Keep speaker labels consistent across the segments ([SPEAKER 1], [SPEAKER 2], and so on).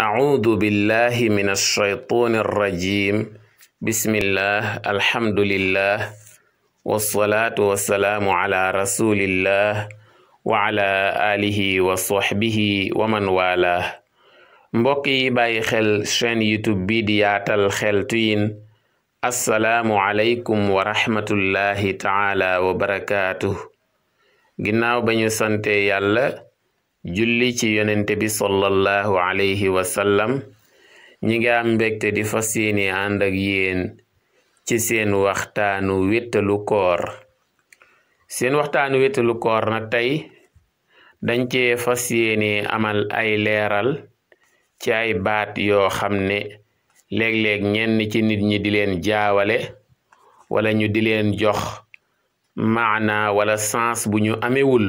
[SPEAKER 1] أعوذ بالله من الشيطان الرجيم بسم الله الحمد لله والصلاة والسلام على رسول الله وعلى آله وصحبه ومن والاه mbokk yi bàyyi xel chaîne youtube bi di yaatal xeltu yin assalaamu aleykum wa rahmatullahi taala wa barakaatuh ginnaaw ba ñu sante yàlla julli ci yonente bi sallallahu alayhi wasallam ñi nga am di fas yéene ànd yeen ci seen waxtaanu wéttalu koor seen waxtaanu wéttalu koor tey dañ cee fas yéene amal ay leeral ci ay baat yoo xam ne léeg-léeg ñenn ci nit ñi di leen jaawale wala ñu di leen jox maana wala sens bu ñu amewul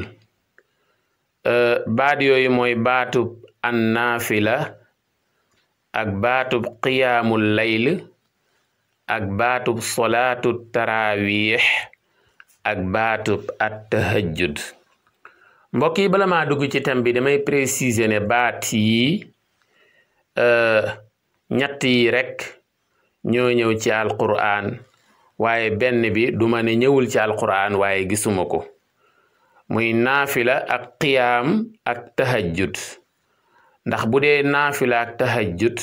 [SPEAKER 1] Euh, baat yooyu mooy baatub annaafila ak baatub qiyaamul layl ak baatub solaatu taraawix ak baatub attahajjud mbokk yi bala ma dugg ci thème bi damay préciser ne baat yi euh, ñett yi rek ñoo ñëw ci alqur'an waaye benn bi duma ne ñëwul ci alqur'an waaye gisuma ko muy naafila ak qiyaam ak tahajjud ndax bu dee naafila ak tahajjud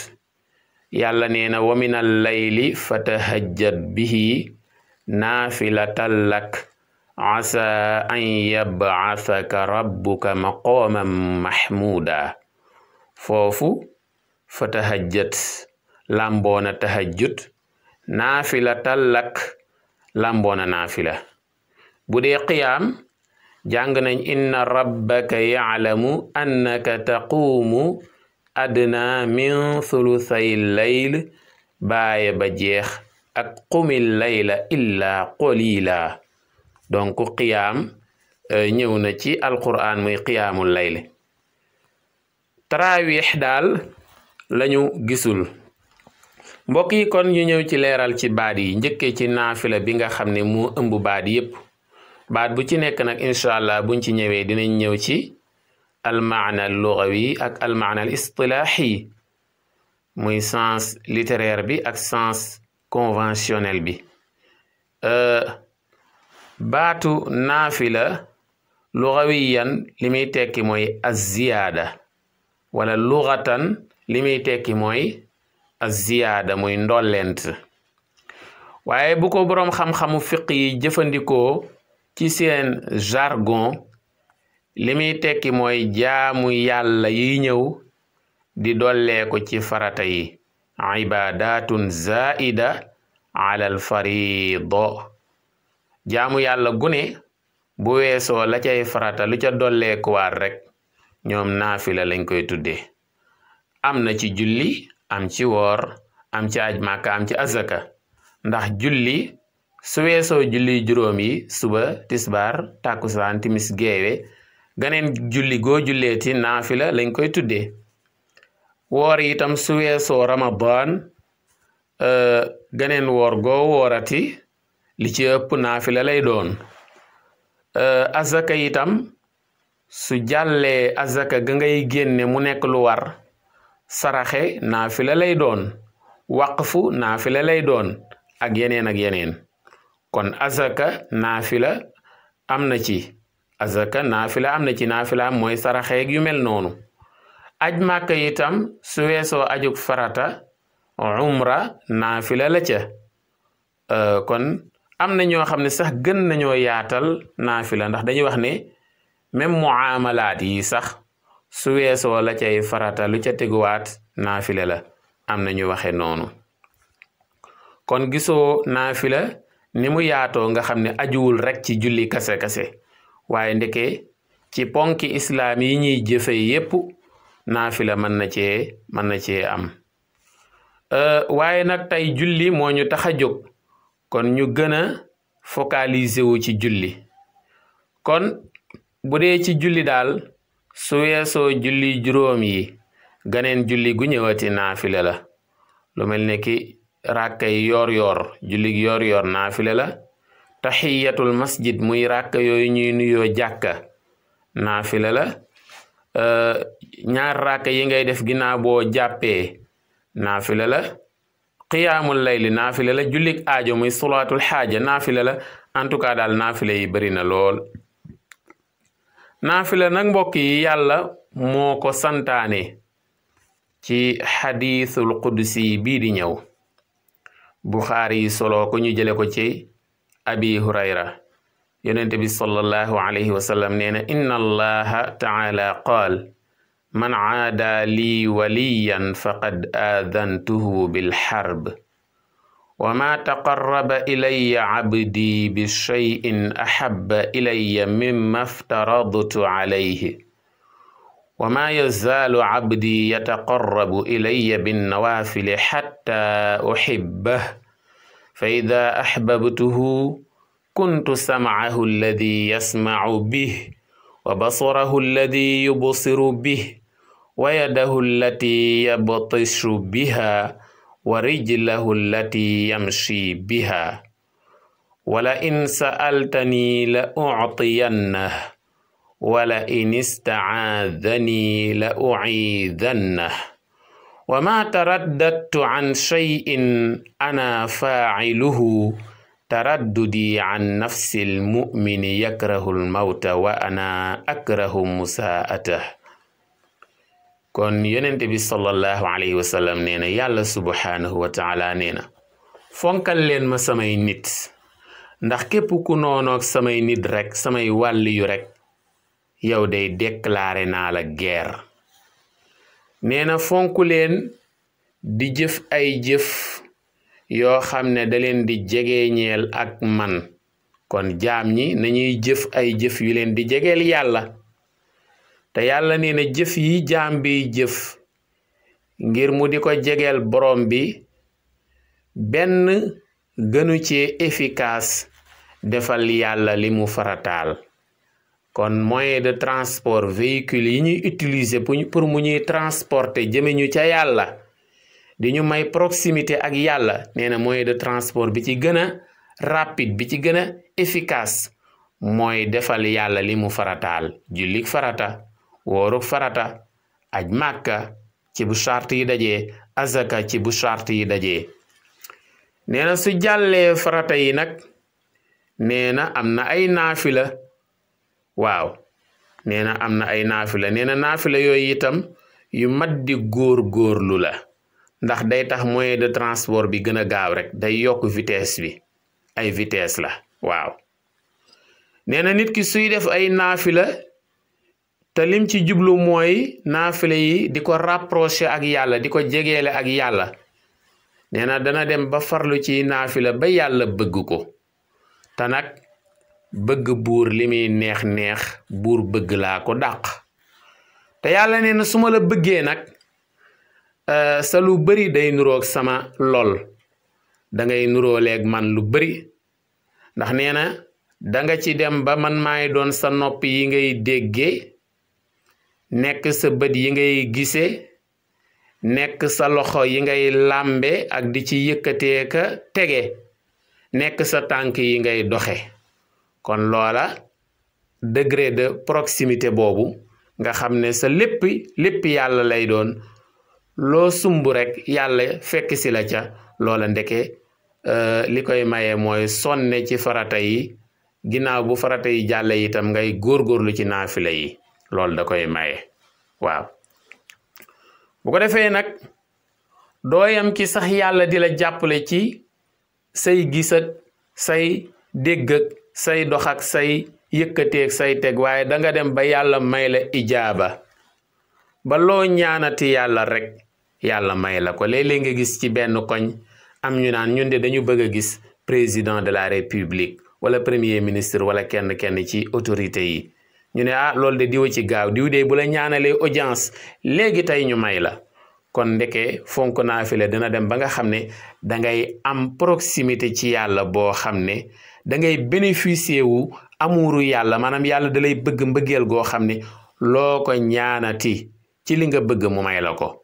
[SPEAKER 1] yàlla nena na wa min al layli fa tahajjad bihi naafilatan lak asa an yab'athaka rabbuka maqaman mahmuda foofu fa tahajjad lamboona tahajjud naafilatan lak lamboona naafila bu dee jàng nañ inna rabbaka ya'lamu annaka taquumu adna min sulusay layl baaye ba jeex ak qumil layla illa qolila donc qiyaam euh, ñëw na ci alqur'an muy qiyaamul layl taraawix daal lañu gisul mbokk yi kon ñu ñëw ci leeral ci baat yi njëkkee ci naafila bi nga xam ne moo ëmb baat yépp baat bu ci nekk nag incha allah buñ ci ñëwee dinañ ñëw ci almaana al lugawi ak almaana al istilaahi muy sens littéraire bi ak sens conventionnel bi euh, baatu naafila lugawiyan li muy tekki mooy azziyaada wala lugatan li muy tekki mooy azziyaada muy ndollent waaye bu ko boroom xam-xamu fiq yi jëfandikoo ci seen jargon li muy tekki mooy jaamu yàlla yi ñëw di dollee ko ci farata yi ibadatun zaida ala al farido jaamu yàlla gune bu weesoo la cay farata lu ca dollee ko waat rek fila naafila lañ koy tudde am na ci julli am ci woor am ci aj màkka am ci azaka ndax julli su weesoo julli juróom suba tisbaar tàkkusaan timis geewe ganeen julli goo julleeti naafila lañ koy tudde woor itam su weesoo ramadan euh, ganeen woor goo woorati li ci ëpp naafila lay doon euh, azaka itam su jàllee azaka ga ngay génne mu nekk lu war saraxe naafila lay doon waqfu naafila lay doon ak yeneen ak yeneen kon azaka naafila am na ci azaka naafila am na ci naafila mooy saraxeeg yu mel noonu aj màkk itam su weesoo ajug farata umra naafila la ca euh, kon am na ñoo xam ne sax gën nañoo yaatal naafila ndax dañuy wax ne même muamalaat yi sax su weesoo la farata lu ca teguwaat naafila la am na ñu waxe noonu kon gisoo naafila ni mu yaatoo nga xam ne ajuwul rekk ci julli kase kase waaye ndeke ci ponki islaam yi ñuy jëfe yépp naafila mën na cee mën na cee am euh, waaye nag tey julli moo ñu tax a jóg kon ñu gën a focaliser wu ci julli kon bu dee ci julli daal su weesoo julli juróom yi ganeen julli gu ñëwati naafila la lu mel ne ki ràkkay yoor yoor jullig la taxiyatul masjid muy ràkk yooyu ñuy nuyoo jàkka naafile la ñaar ràkk yi ngay def ginnaaw boo jàppee naafile la qiyaamul layli naafile la jullig aajo muy sulaatul xaaja naafile la en cas daal naafile yi bari na lool naafile nag mbokk yi yàlla moo ko santaane ci xadiisul qudsi bii di ñëw buxaari yi soloo ko ñu jële ko ci abi hurayra yonente bi sallallahu alayhi wa sallam nee na inna allaha taala qaal man aada lii waliyan faqad aadantuhu bilxarb wa ma taqarraba ilaya cabdi bishayin axabba ilaya mimma aftaradtu calayhi wa maa yazaalu cabdi yataqarrabu ilayya binnawaafili xatta uxibbah fa ida axbabtuhu kuntu samcahu alladi yasmacu bih wa basarahu alladi yubsiru bih wa yadahu allati yabtishu biha wa rijlahu allati yamshi biha wala in sa'altani la uctiyannah wala in istacaadanii la uciidanna wa ma taraddadtu can shayin ana faaciluhu taraddudi can nafsi lmumini yakrahu lmawta wa ana akrahu musaa'atah kon yonent bi sallallahu alayhi wa sallam nee na yàlla subhaanahu wa taala nee na fonkal leen ma samay nit ndax képp ku noonoog samay nit rek samay wàlli yu rek yow day déclaré naa la geer nee na fonk leen di jëf ay jëf yoo xam ne daleen leen di jegeñeel ak man kon jaam ñi nañuy jëf ay jëf yu leen di jegeel yàlla te yàlla nee na jëf yi jaam biy jëf ngir mu di ko jegeel borom bi benn gënu ci efikaas defal yàlla li mu farataal kon moyen de transport véhicule yi ñuy utiliser pour mu ñuy transporter jëme ñu ca yàlla di ñu may proximité ak yàlla nee na moyen de transport bi ci gën a rapide bi ci gën a efficace mooy defal yàlla li mu farataal jullik farata wooruk farata aj màkka ci bu charte yi dajee azaka ci bu charte yi dajee nee su jàllee farata yi nag nee na am na ay naafila waaw nee na am na ay naafila nee na naafila yooyu itam yu mat di góor-góorlu la ndax day tax moyen de transport bi gën a gaaw rek day yokk vitesse bi ay vitesse la waaw nee na nit ki suy def ay naafila te lim ci jublu mooy naafila yi di ko rapprocher ak yàlla di ko jegeele ak yàlla nee na dana dem ba farlu ci naafila ba yàlla bëgg ko te bëgg buur li muy neex neex buur bëgg laa ko dàq te yàlla nee na su ma la bëggee nag euh, sa lu bari day nuroog sama lool dangay ngay nurooleeg man lu bari ndax nee na danga ci dem ba man maay doon sa nopp yi ngay déggee nekk sa bët yi ngay gise nekk sa loxo yi ngay làmbe ak di ci yëkkatee ka tege nekk sa tànk yi ngay doxe kon loola degré de proximité boobu nga xam ne sa lépp lépp yàlla lay doon loo sumb rek yàlla fekk si la ca loola ndeke euh, li koy maye mooy sonne ci farata yi ginnaaw bu farata yi jàlle itam ngay góorgóorlu ci naafila yi loolu da koy maye waaw bu ko defee nag dooyam ci sax yàlla dila la jàppale ci say gis ak say dégg say dox ak say yëkkateeg say teg waaye danga dem ba yàlla may la ijaaba ba loo ñaanati yàlla rek yàlla may la ko léeg nga gis ci benn koñ am ñu naan ñun de dañu bëgg a gis président de la république wala premier ministre wala kenn kenn ci autorité yi ñu ne ah loolu de diw ci gaaw diw de bu la ñaanalee audience léegi tey ñu may la kon ndeke fonk naafile dina dem ba nga xam ne dangay am proximité ci yàlla boo xam ne da ngay bénéficier wu amuuru yàlla maanaam yàlla da lay bëgg mbëggeel goo xam ne loo ko ñaanati ci li nga bëgg mu may la ko